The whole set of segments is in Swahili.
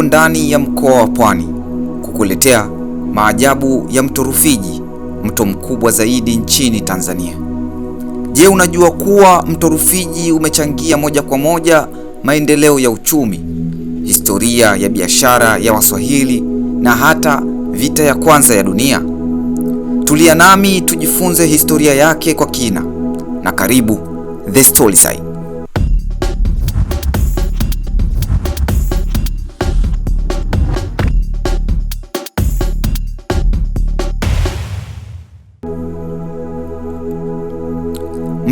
tupo ndani ya mkoa wa Pwani kukuletea maajabu ya mto Rufiji, mto mkubwa zaidi nchini Tanzania. Je, unajua kuwa mto Rufiji umechangia moja kwa moja maendeleo ya uchumi, historia ya biashara ya Waswahili na hata vita ya kwanza ya dunia? Tulia nami tujifunze historia yake kwa kina, na karibu The Side.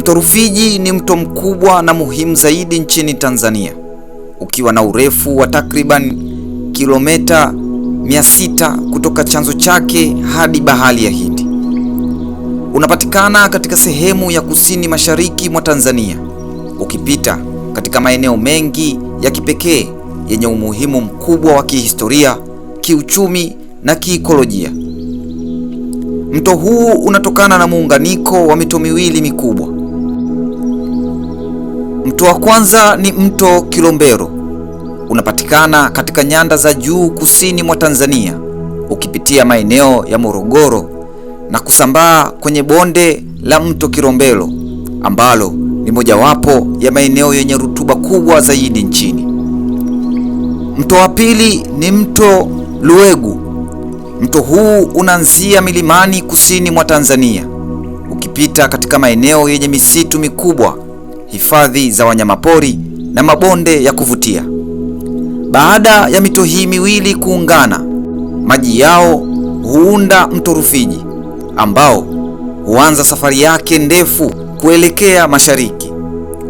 Mto Rufiji ni mto mkubwa na muhimu zaidi nchini Tanzania ukiwa na urefu wa takriban kilomita 600 kutoka chanzo chake hadi bahari ya Hindi. Unapatikana katika sehemu ya kusini mashariki mwa Tanzania ukipita katika maeneo mengi ya kipekee yenye umuhimu mkubwa wa kihistoria, kiuchumi na kiikolojia. Mto huu unatokana na muunganiko wa mito miwili mikubwa Mto wa kwanza ni mto Kilombero, unapatikana katika nyanda za juu kusini mwa Tanzania ukipitia maeneo ya Morogoro na kusambaa kwenye bonde la mto Kilombero ambalo ni mojawapo ya maeneo yenye rutuba kubwa zaidi nchini. Mto wa pili ni mto Luegu. Mto huu unaanzia milimani kusini mwa Tanzania ukipita katika maeneo yenye misitu mikubwa hifadhi za wanyamapori na mabonde ya kuvutia. Baada ya mito hii miwili kuungana, maji yao huunda mto Rufiji ambao huanza safari yake ndefu kuelekea mashariki,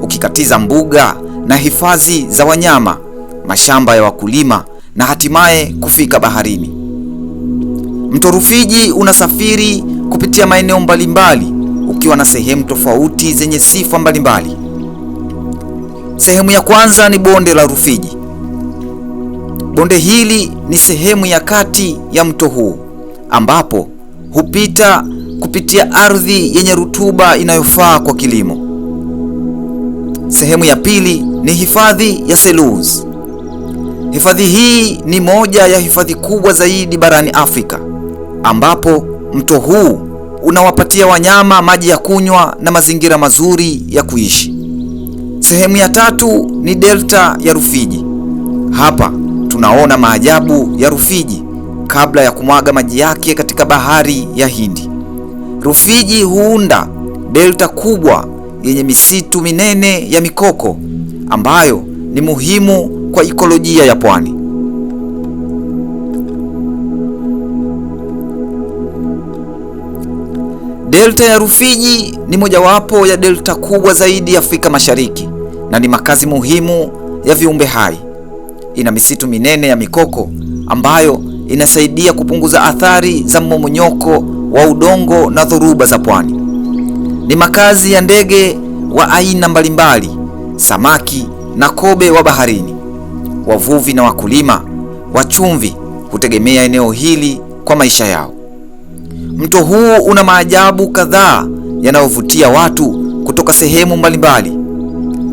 ukikatiza mbuga na hifadhi za wanyama, mashamba ya wakulima na hatimaye kufika baharini. Mto Rufiji unasafiri kupitia maeneo mbalimbali ukiwa na sehemu tofauti zenye sifa mbalimbali. Sehemu ya kwanza ni bonde la Rufiji. Bonde hili ni sehemu ya kati ya mto huu ambapo hupita kupitia ardhi yenye rutuba inayofaa kwa kilimo. Sehemu ya pili ni hifadhi ya Selous. Hifadhi hii ni moja ya hifadhi kubwa zaidi barani Afrika ambapo mto huu unawapatia wanyama maji ya kunywa na mazingira mazuri ya kuishi. Sehemu ya tatu ni delta ya Rufiji. Hapa tunaona maajabu ya Rufiji kabla ya kumwaga maji yake katika bahari ya Hindi. Rufiji huunda delta kubwa yenye misitu minene ya mikoko ambayo ni muhimu kwa ikolojia ya pwani. Delta ya Rufiji ni mojawapo ya delta kubwa zaidi Afrika Mashariki na ni makazi muhimu ya viumbe hai. Ina misitu minene ya mikoko ambayo inasaidia kupunguza athari za mmomonyoko wa udongo na dhoruba za pwani. Ni makazi ya ndege wa aina mbalimbali, samaki na kobe wa baharini. Wavuvi na wakulima wa chumvi hutegemea eneo hili kwa maisha yao. Mto huu una maajabu kadhaa yanayovutia watu kutoka sehemu mbalimbali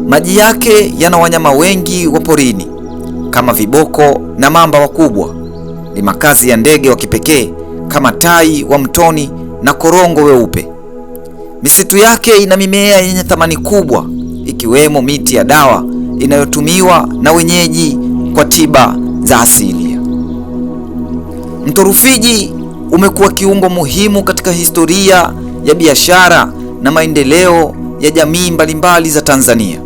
Maji yake yana wanyama wengi wa porini kama viboko na mamba wakubwa. Ni makazi ya ndege wa kipekee kama tai wa mtoni na korongo weupe. Misitu yake ina mimea yenye thamani kubwa, ikiwemo miti ya dawa inayotumiwa na wenyeji kwa tiba za asilia. Mto Rufiji umekuwa kiungo muhimu katika historia ya biashara na maendeleo ya jamii mbalimbali za Tanzania.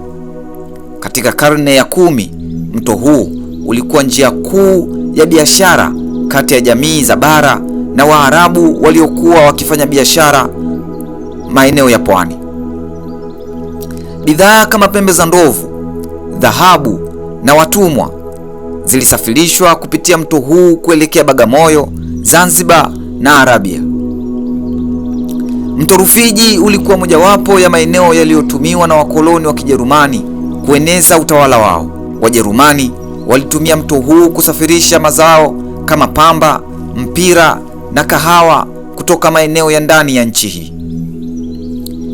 Katika karne ya kumi, mto huu ulikuwa njia kuu ya biashara kati ya jamii za bara na Waarabu waliokuwa wakifanya biashara maeneo ya pwani. Bidhaa kama pembe za ndovu, dhahabu na watumwa zilisafirishwa kupitia mto huu kuelekea Bagamoyo, Zanzibar na Arabia. Mto Rufiji ulikuwa mojawapo ya maeneo yaliyotumiwa na wakoloni wa Kijerumani kueneza utawala wao. Wajerumani walitumia mto huu kusafirisha mazao kama pamba, mpira na kahawa kutoka maeneo ya ndani ya nchi hii.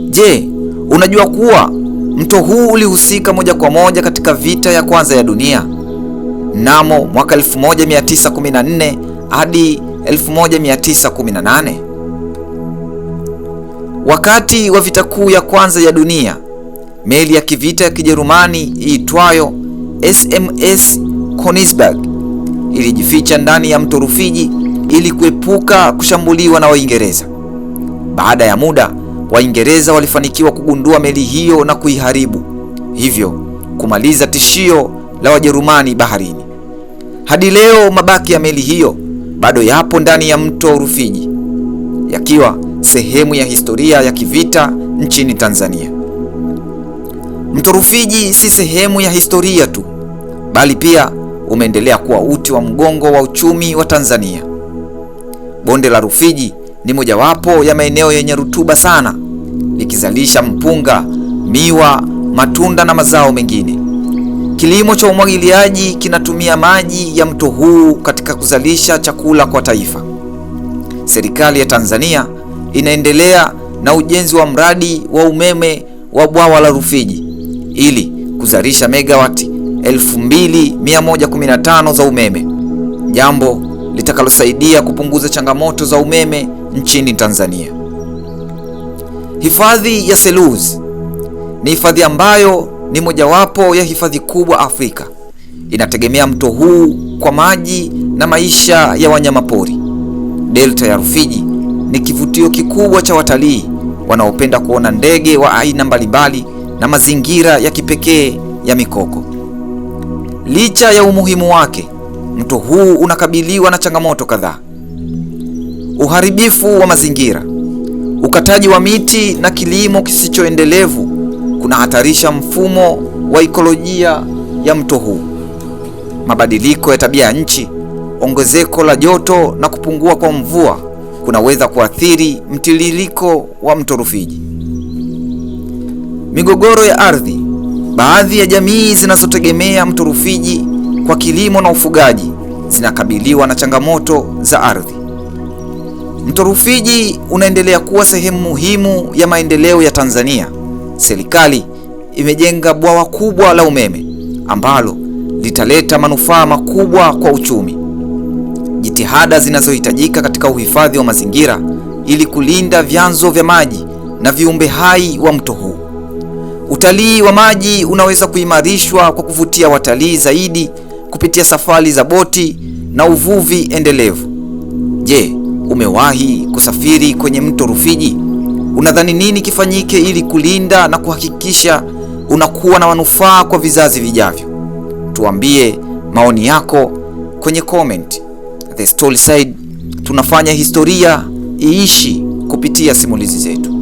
Je, unajua kuwa mto huu ulihusika moja kwa moja katika vita ya kwanza ya dunia mnamo mwaka 1914 hadi 1918. Wakati wa vita kuu ya kwanza ya dunia, meli ya kivita ya Kijerumani iitwayo SMS Konigsberg ilijificha ndani ya mto Rufiji ili kuepuka kushambuliwa na Waingereza. Baada ya muda, Waingereza walifanikiwa kugundua meli hiyo na kuiharibu, hivyo kumaliza tishio la Wajerumani baharini. Hadi leo mabaki ya meli hiyo bado yapo ndani ya mto Rufiji, yakiwa sehemu ya historia ya kivita nchini Tanzania. Mto Rufiji si sehemu ya historia tu, bali pia umeendelea kuwa uti wa mgongo wa uchumi wa Tanzania. Bonde la Rufiji ni mojawapo ya maeneo yenye rutuba sana, likizalisha mpunga, miwa, matunda na mazao mengine. Kilimo cha umwagiliaji kinatumia maji ya mto huu katika kuzalisha chakula kwa taifa. Serikali ya Tanzania inaendelea na ujenzi wa mradi wa umeme wa bwawa la Rufiji ili kuzalisha megawati 2115 za umeme, jambo litakalosaidia kupunguza changamoto za umeme nchini Tanzania. Hifadhi ya Selous ni hifadhi ambayo ni mojawapo ya hifadhi kubwa Afrika. Inategemea mto huu kwa maji na maisha ya wanyamapori. Delta ya Rufiji ni kivutio kikubwa cha watalii wanaopenda kuona ndege wa aina mbalimbali na mazingira ya kipekee ya mikoko. Licha ya umuhimu wake, mto huu unakabiliwa na changamoto kadhaa: uharibifu wa mazingira, ukataji wa miti na kilimo kisichoendelevu kunahatarisha mfumo wa ikolojia ya mto huu. Mabadiliko ya tabia ya nchi, ongezeko la joto na kupungua kwa mvua kunaweza kuathiri mtiririko wa mto Rufiji migogoro ya ardhi, baadhi ya jamii zinazotegemea mto Rufiji kwa kilimo na ufugaji zinakabiliwa na changamoto za ardhi. Mto Rufiji unaendelea kuwa sehemu muhimu ya maendeleo ya Tanzania. Serikali imejenga bwawa kubwa la umeme ambalo litaleta manufaa makubwa kwa uchumi. Jitihada zinazohitajika katika uhifadhi wa mazingira ili kulinda vyanzo vya maji na viumbe hai wa mto huu. Utalii wa maji unaweza kuimarishwa kwa kuvutia watalii zaidi kupitia safari za boti na uvuvi endelevu. Je, umewahi kusafiri kwenye mto Rufiji? Unadhani nini kifanyike ili kulinda na kuhakikisha unakuwa na manufaa kwa vizazi vijavyo? Tuambie maoni yako kwenye comment. The Side tunafanya historia iishi kupitia simulizi zetu.